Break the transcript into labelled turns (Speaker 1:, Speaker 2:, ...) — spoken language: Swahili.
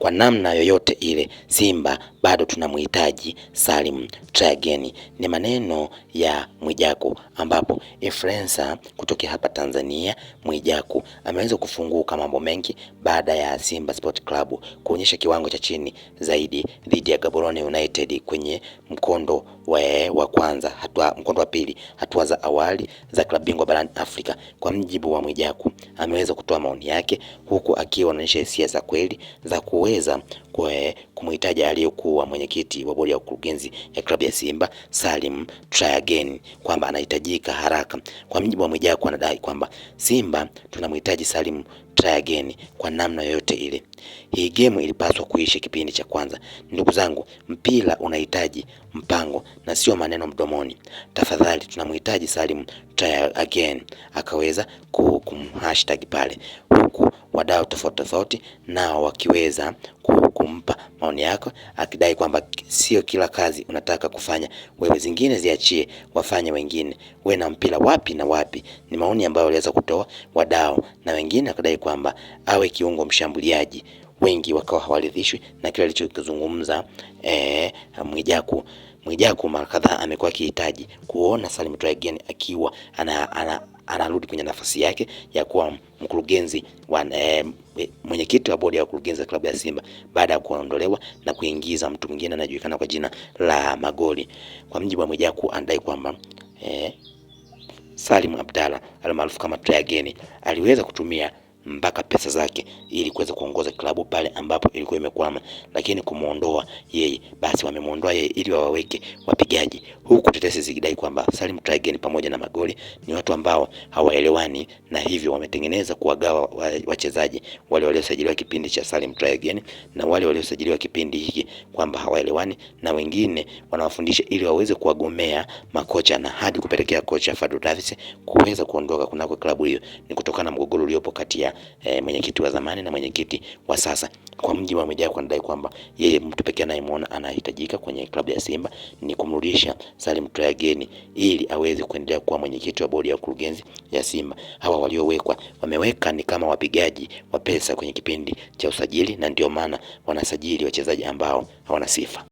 Speaker 1: kwa namna yoyote ile Simba bado tunamhitaji Salim, try again, ni maneno ya Mwijaku, ambapo influencer kutokea hapa Tanzania Mwijaku ameweza kufunguka mambo mengi baada ya Simba Sport Club kuonyesha kiwango cha chini zaidi dhidi ya Gaborone United kwenye mkondo wa, wa kwanza hatua, mkondo wa pili hatua za awali za klabu bingwa barani Afrika. Kwa mjibu wa Mwijaku, ameweza kutoa maoni yake huku akiwa anaonyesha hisia za kweli za kuweza kumhitaji aliyekuwa mwenyekiti wa bodi ya ukurugenzi ya klabu ya Simba Salim Again kwamba anahitajika haraka. Kwa mjibu wa Mwijako, anadai kwamba Simba tunamhitaji Salim Again kwa namna yoyote ile. Hii gemu ilipaswa kuishi kipindi cha kwanza. Ndugu zangu, mpira unahitaji mpango na sio maneno mdomoni. Tafadhali tunamhitaji Salim Again, akaweza kumhashtag pale, huku wadau tofauti tofauti nao wakiweza kumpa maoni yako, akidai kwamba sio kila kazi unataka kufanya wewe, zingine ziachie wafanye wengine. We na mpira wapi na wapi? Ni maoni ambayo waliweza kutoa wadau, na wengine akidai kwamba awe kiungo mshambuliaji. Wengi wakawa hawaridhishwi na kile alichokizungumza eh, Mwijaku. Mwijaku mara kadhaa amekuwa akihitaji kuona Salim Traigen akiwa ana, ana anarudi kwenye nafasi yake ya kuwa mkurugenzi wa e, mwenyekiti wa bodi ya wakurugenzi wa klabu ya Simba baada ya kuondolewa na kuingiza mtu mwingine anayejulikana kwa jina la Magoli. Kwa mjibu wa Mwijaku, anadai kwamba e, Salim Abdalla almaarufu kama Trageni aliweza kutumia mpaka pesa zake ili kuweza kuongoza klabu pale ambapo ilikuwa imekwama, lakini kumuondoa yeye, basi wamemuondoa yeye ili wawaweke wapigaji, huku tetesi zikidai kwamba Salim Traigen pamoja na Magoli ni watu ambao hawaelewani na hivyo wametengeneza kuwagawa wachezaji wale waliosajiliwa kipindi cha Salim Traigen na wale waliosajiliwa kipindi hiki, kwamba hawaelewani na wengine wanawafundisha ili waweze kuwagomea makocha na hadi kupelekea kocha Fadlu Davis kuweza kuondoka kunako klabu hiyo. Ni kutokana na mgogoro uliopo kati ya e, mwenyekiti wa zamani na mwenyekiti wa sasa kwa mjibu wa Mwijaku anadai kwamba yeye mtu pekee anayemwona anahitajika kwenye klabu ya Simba ni kumrudisha Salim Traoré ili aweze kuendelea kuwa mwenyekiti wa bodi ya kurugenzi ya Simba. Hawa waliowekwa wameweka ni kama wapigaji wa pesa kwenye kipindi cha usajili, na ndio maana wanasajili wachezaji ambao hawana sifa.